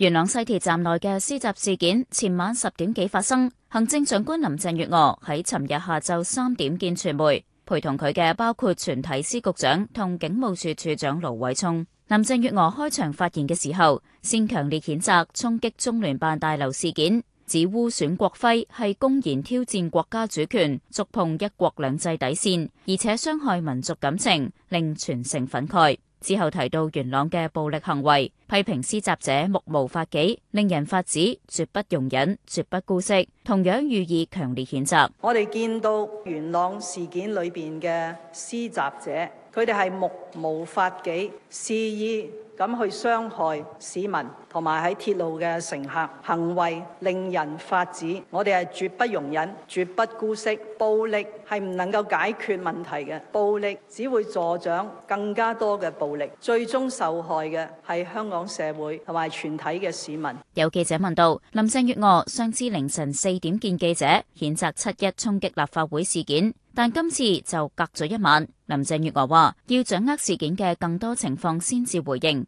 元朗西鐵站內嘅施襲事件前晚十點幾發生。行政長官林鄭月娥喺尋日下晝三點見傳媒，陪同佢嘅包括全體司局長同警務處處長盧偉聰。林鄭月娥開場發言嘅時候，先強烈譴責衝擊中聯辦大樓事件，指污損國徽係公然挑戰國家主權，觸碰一國兩制底線，而且傷害民族感情，令全城憤慨。之後提到元朗嘅暴力行為，批評施襲者目無法紀，令人髮指，絕不容忍，絕不姑息，同樣予以強烈譴責。我哋見到元朗事件裏邊嘅施襲者。佢哋係目無法紀，肆意咁去傷害市民同埋喺鐵路嘅乘客，行為令人髮指。我哋係絕不容忍、絕不姑息。暴力係唔能夠解決問題嘅，暴力只會助長更加多嘅暴力，最終受害嘅係香港社會同埋全體嘅市民。有記者問到林鄭月娥上次凌晨四點見記者，譴責七一衝擊立法會事件。但今次就隔咗一晚。林鄭月娥話：要掌握事件嘅更多情況先至回應。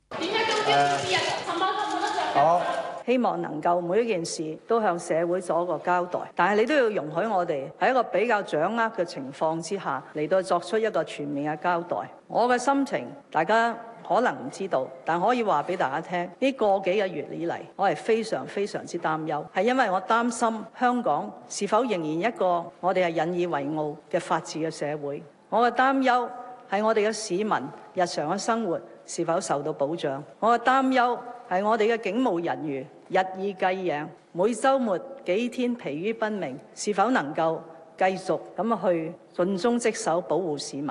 呃、好，希望能夠每一件事都向社會做一個交代。但係你都要容許我哋喺一個比較掌握嘅情況之下嚟到作出一個全面嘅交代。我嘅心情，大家。可能唔知道，但可以話俾大家聽，呢個幾個月以嚟，我係非常非常之擔憂，係因為我擔心香港是否仍然一個我哋係引以為傲嘅法治嘅社會，我嘅擔憂係我哋嘅市民日常嘅生活是否受到保障。我嘅擔憂係我哋嘅警務人員日以繼夜，每週末幾天疲於奔命，是否能夠繼續咁去盡忠職守保護市民？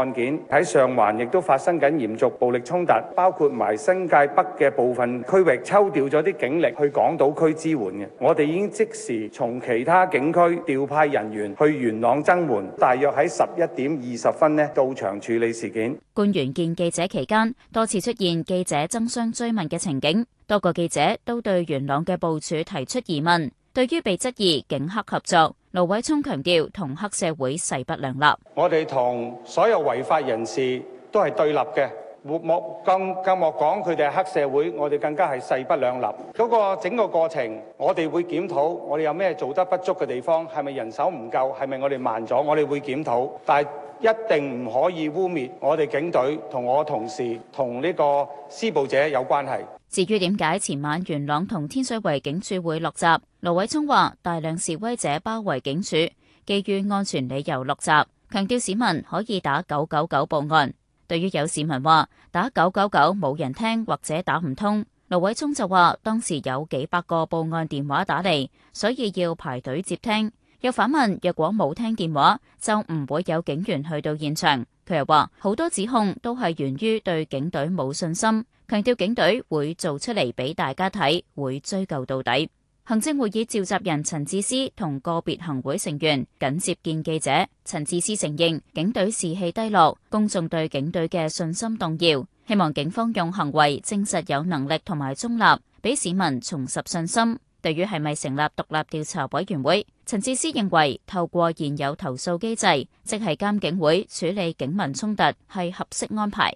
案件喺上環亦都發生緊嚴重暴力衝突，包括埋新界北嘅部分區域抽調咗啲警力去港島區支援嘅。我哋已經即時從其他警區調派人員去元朗增援，大約喺十一點二十分呢到場處理事件。官員見記者期間多次出現記者爭相追問嘅情景，多個記者都對元朗嘅部署提出疑問。對於被質疑警黑合作，盧偉聰強調同黑社會勢不兩立。 我哋同所有違法人士都係對立嘅，莫更，更更莫講佢哋係黑社會，我哋更加係勢不兩立。嗰個整個過程，我哋會檢討，我哋有咩做得不足嘅地方，係咪人手唔夠，係咪我哋慢咗，我哋會檢討。但一定唔可以污蔑我哋警隊同我同事同呢個施暴者有關係。至於點解前晚元朗同天水圍警署會落閘，盧偉聰話：大量示威者包圍警署，基於安全理由落閘，強調市民可以打九九九報案。對於有市民話打九九九冇人聽或者打唔通，盧偉聰就話當時有幾百個報案電話打嚟，所以要排隊接聽。又反問：若果冇聽電話，就唔會有警員去到現場。佢又話：好多指控都係源於對警隊冇信心，強調警隊會做出嚟俾大家睇，會追究到底。行政會議召集人陳智思同個別行會成員緊接見記者。陳智思承認警隊士氣低落，公眾對警隊嘅信心動搖，希望警方用行為證實有能力同埋中立，俾市民重拾信心。對於係咪成立獨立調查委員會，陳智思認為透過現有投訴機制，即係監警會處理警民衝突，係合適安排。